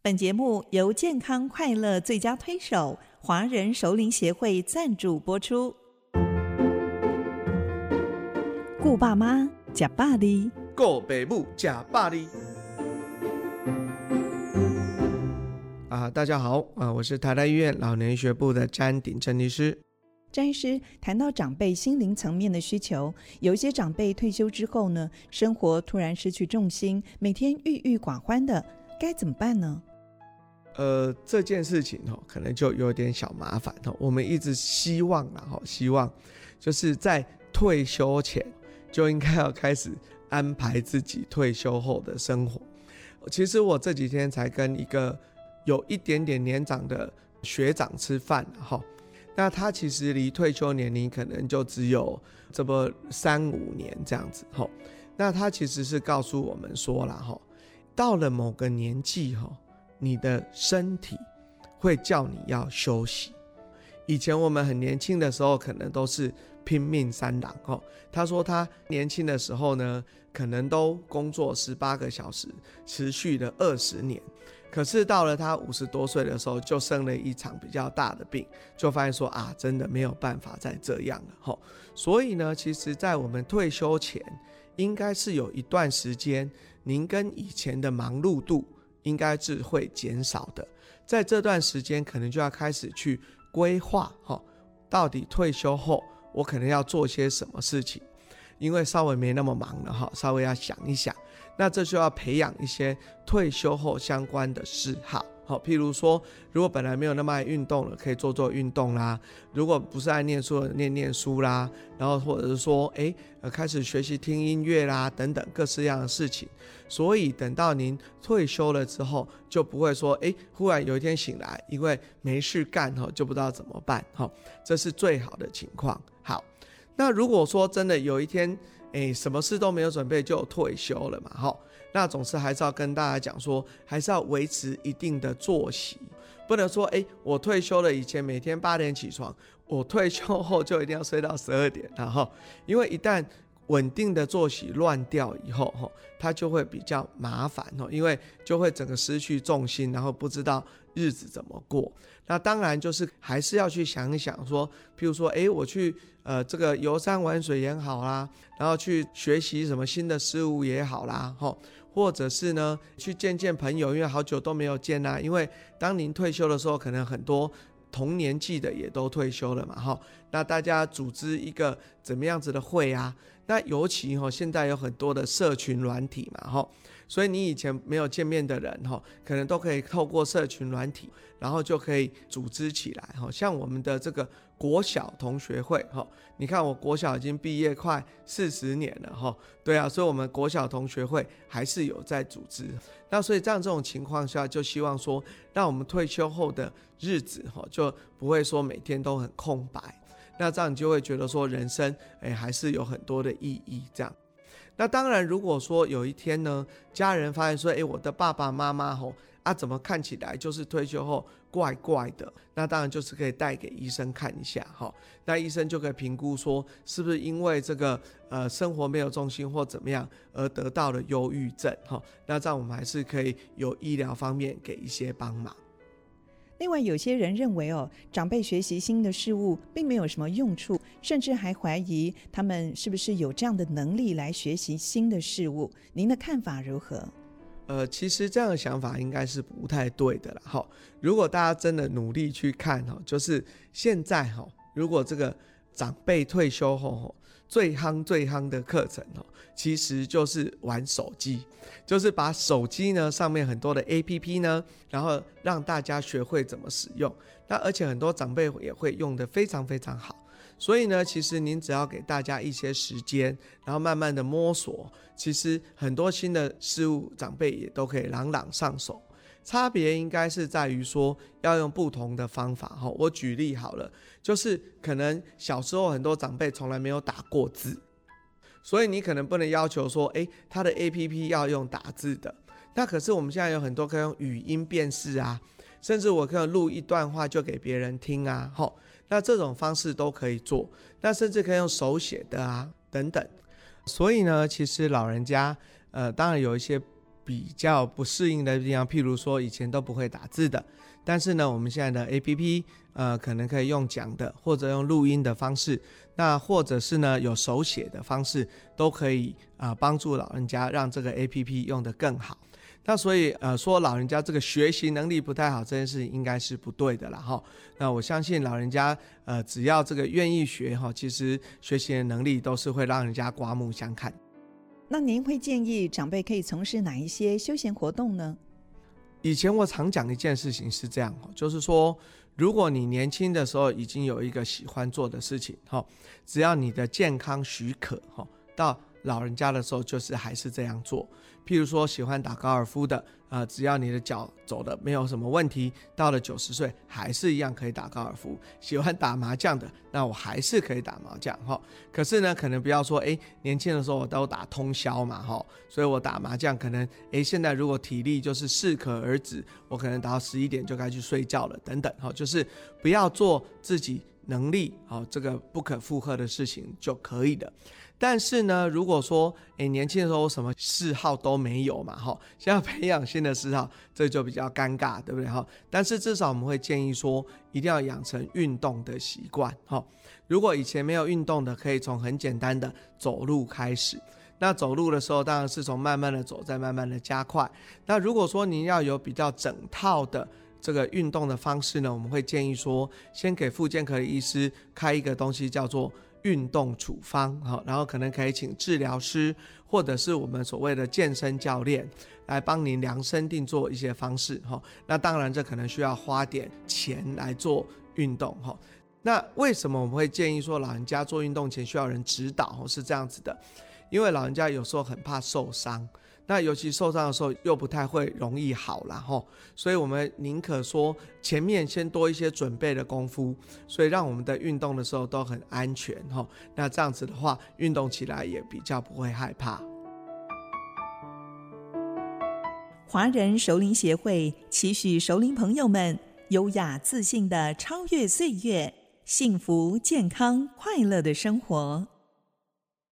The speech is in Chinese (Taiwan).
本節目由健康快樂最佳推手華人熟齡協會贊助播出。顧爸媽，吃百里；顧爸母，吃百里。啊、呃，大家好，啊、呃，我是台大醫院老年醫學部的詹鼎珍醫師。詹醫師談到長輩心靈層面的需求，有一些長輩退休之後呢，生活突然失去重心，每天鬱鬱寡歡的。該怎麼辦呢？呃，這件事情哦，可能就有點小麻煩。我們一直希望啊，希望就是在退休前就應該要開始安排自己退休後的生活。其實我這幾天才跟一個有一點點年長的學長吃飯。那他其實離退休年齡可能就只有這麼三五年這樣子。那他其實是告訴我們說了。到了某個年紀，哦，你的身體會叫你要休息。以前我們很年輕的時候，可能都是拼命三郎，哦，哈。他說他年輕的時候呢，可能都工作十八個小時，持續了二十年。可是到了他五十多歲的時候，就生了一場比較大的病，就發現說啊，真的沒有辦法再這樣了，哦，所以呢，其實，在我們退休前，應該是有一段時間。您跟以前的忙碌度應該是會減少的，在這段時間可能就要開始去規劃哈，到底退休後我可能要做些什麼事情，因為稍微沒那麼忙了哈，稍微要想一想，那這就要培養一些退休後相關的嗜好。好，譬如說，如果本來沒有那麼愛運動了，可以做做運動啦；如果不是愛念書，念念書啦；然後或者是說，哎、欸，開始學習聽音樂啦，等等各式各樣的事情。所以等到您退休了之後，就不會說，哎、欸，忽然有一天醒來，因為沒事幹，哈，就不知道怎麼辦，哈，這是最好的情況。好，那如果說真的有一天，哎、欸，什麼事都沒有準備就退休了嘛，哈。那總是還是要跟大家講說，還是要維持一定的作息，不能說哎、欸，我退休了，以前每天八點起床，我退休後就一定要睡到十二點，然後，因為一旦。穩定的作息亂掉以後，它就會比較麻煩，因為就會整個失去重心，然後不知道日子怎麼過。那當然就是還是要去想一想，說，譬如說誒，我去，呃，這個遊山玩水也好啦，然後去學習什麼新的事物也好啦，或者是呢，去見見朋友，因為好久都沒有見啦、啊。因為當您退休的時候，可能很多。同年紀的也都退休了嘛，哈，那大家組織一個怎麼樣子的會啊？那尤其哈，現在有很多的社群軟體嘛，哈。所以你以前沒有見面的人哈、哦，可能都可以透過社群軟體，然後就可以組織起來哈、哦。像我們的這個國小同學會哈、哦，你看我國小已經畢業快四十年了哈、哦。對啊，所以我們國小同學會還是有在組織。那所以這樣這種情況下，就希望說，讓我們退休後的日子哈、哦，就不會說每天都很空白。那這樣你就會覺得說，人生誒、欸，還是有很多的意義這樣。那當然，如果說有一天呢，家人發現說，誒，我的爸爸媽媽吼啊，怎麼看起來就是退休後怪怪的？那當然就是可以帶給醫生看一下哈，那醫生就可以評估說，是不是因為這個呃生活沒有重心或怎麼樣而得到了憂鬱症哈，那這樣我們還是可以有醫療方面給一些幫忙。另外，有些人認為哦，長輩學習新的事物並沒有什麼用處，甚至還懷疑他們是不是有這樣的能力來學習新的事物。您的看法如何？呃，其實這樣的想法應該是不太對的了哈、哦。如果大家真的努力去看哈、哦，就是現在哈、哦，如果這個長輩退休後哈。哦最夯最夯的課程哦，其實就是玩手機，就是把手機呢上面很多的 APP 呢，然後讓大家學會怎麼使用。那而且很多長輩也會用得非常非常好，所以呢，其實您只要給大家一些時間，然後慢慢的摸索，其實很多新的事物長輩也都可以朗朗上手。差別應該是在於說要用不同的方法哈。我舉例好了，就是可能小時候很多長輩從來沒有打過字，所以你可能不能要求說，哎、欸，他的 APP 要用打字的。那可是我們現在有很多可以用語音辨識啊，甚至我可以錄一段話就給別人聽啊。哈，那這種方式都可以做，那甚至可以用手寫的啊等等。所以呢，其實老人家，呃，當然有一些，比較不適應的地方，譬如說以前都不會打字的，但是呢，我們現在的 APP，呃，可能可以用講的，或者用錄音的方式，那或者是呢，有手寫的方式，都可以啊、呃，幫助老人家讓這個 APP 用得更好。那所以呃，說老人家這個學習能力不太好，這件事情應該是不對的啦哈。那我相信老人家呃，只要這個願意學哈，其實學習的能力都是會讓人家刮目相看。那您會建議長輩可以從事哪一些休閒活動呢？以前我常講一件事情是這樣，就是說，如果你年輕的時候已經有一個喜歡做的事情哈，只要你的健康許可哈，到。老人家的時候就是還是這樣做，譬如說喜歡打高爾夫的，呃，只要你的腳走得沒有什麼問題，到了九十歲還是一樣可以打高爾夫。喜歡打麻將的，那我還是可以打麻將哈、哦。可是呢，可能不要說，哎，年輕的時候我都打通宵嘛哈、哦，所以我打麻將可能，哎，現在如果體力就是適可而止，我可能打到十一點就該去睡覺了等等哈、哦，就是不要做自己。能力好，這個不可負荷的事情就可以的。但是呢，如果說誒、哎、年輕的時候什麼嗜好都沒有嘛，哈，想要培養新的嗜好，這就比較尷尬，對不對？哈，但是至少我們會建議說，一定要養成運動的習慣，哈。如果以前沒有運動的，可以從很簡單的走路開始。那走路的時候，當然是從慢慢的走，再慢慢的加快。那如果說您要有比較整套的，這個運動的方式呢，我們會建議說，先給復健科的醫師開一個東西，叫做運動處方，哈，然後可能可以請治療師或者是我們所謂的健身教練來幫您量身定做一些方式，哈。那當然，這可能需要花點錢來做運動，哈。那為什麼我們會建議說，老人家做運動前需要人指導？是這樣子的，因為老人家有時候很怕受傷。那尤其受傷的時候又不太會容易好了齁，所以我們寧可說，前面先多一些準備的功夫，所以讓我們的運動的時候都很安全齁。那這樣子的話，運動起來也比較不會害怕。華人熟齡協會期許熟齡朋友們優雅自信的超越歲月，幸福健康快樂的生活。